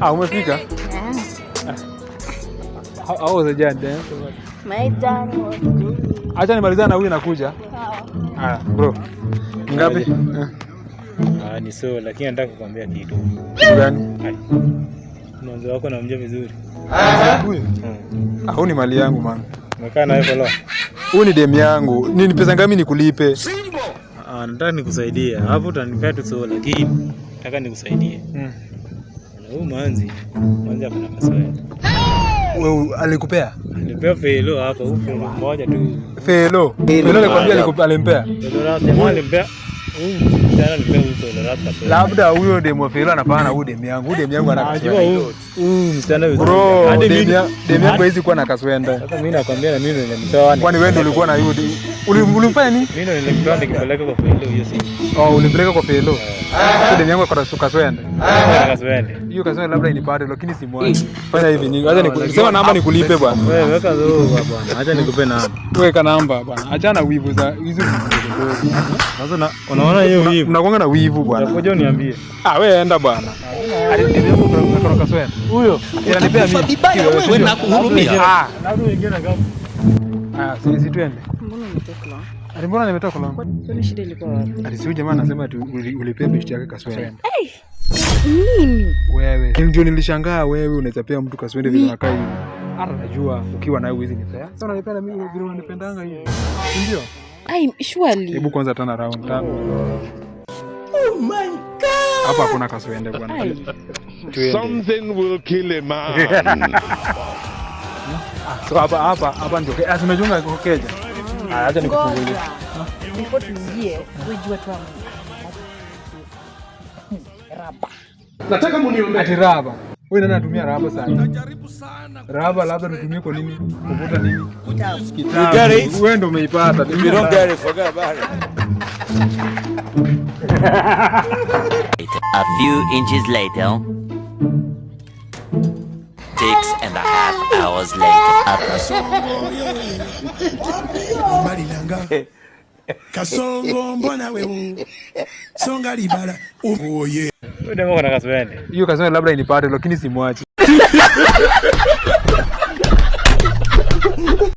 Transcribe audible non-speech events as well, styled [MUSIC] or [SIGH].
Ah, umefika? Eh? Acha nimalize na huyu nakuja. Sawa. Ah, bro. Ngapi? Ah, ni so, lakini nataka kukuambia kitu. Gani? Mwanzo wako namjia vizuri. Ah, huyu ni mali yangu man. Umekaa naye kwa leo? Huyu ni demu yangu. Ni pesa ngapi nikulipe? Ah, nataka nikusaidie. Hapo utanipea tu so, lakini nataka nikusaidie. Mm. Huyu manzi manzi hapo na masoya. Wewe alikupea? Alipea felo hapa huko moja tu. Felo. Felo alikwambia alikupa alimpea. alimpea. Labda huyo demu Felo anafanana huyu demu yangu. Demu yangu ana kaswende. demu yangu hizi kuwa na kaswende. Kwani wewe ndio ulikuwa na yudi? Ulimfanya mm. nini? Mimi ndo nilipeleka kwa PLO hiyo siku. Oh, ulimpeleka kwa PLO. Sasa demu yangu akata suka swende. Kaswende. Hiyo kaswende labda inipate lakini si mwani. Fanya hivi ni acha nikusema namba nikulipe bwana. Wewe weka zao bwana. Acha nikupe namba. Weka namba bwana. Achana wivu za hizo. Sasa na unaona hiyo wivu. Unakuanga na wivu bwana. Ngoja niambie. Ah, wewe enda bwana. Huyo inanipea mimi. Wewe nakuhurumia. Ah. Labda wengine kama. Ah, sisi twende mbona umetoka la? Ali mbona nimetoka la? Kwani shida ilikuwa wapi? Ali sio jamaa anasema tu ulipea besti yake kaswende. Hey! Nini? Wewe. Ndio nilishangaa wewe unaweza pea mtu kaswende vile anakaa hivi. Ara najua ukiwa naye uwezi nipea. Sasa unanipenda mimi vile unanipendanga hivi. Ndio? Ai, surely. Hebu kwanza tena round tano. Oh, oh my god. Hapa kuna kaswende bwana. Something will kill a man. [LAUGHS] Ah, hapa hapa hapa ndio. Asimejunga ah, keja. Acha nikufungulie. Ndipo tuingie wewe jua tu hmm, raba. Nataka muniombee. Ati raba. Wewe nani anatumia raba sana? Najaribu sana. Raba labda nitumie kwa nini? Kuvuta nini? Kitabu. Wewe ndio umeipata. You don't get it, forget about it. A few inches later. Six and a half hours later. Oh, linanga kasongo mbona we songa libala oye hiyo kasonga labda inipate lakini simwachi [LAUGHS]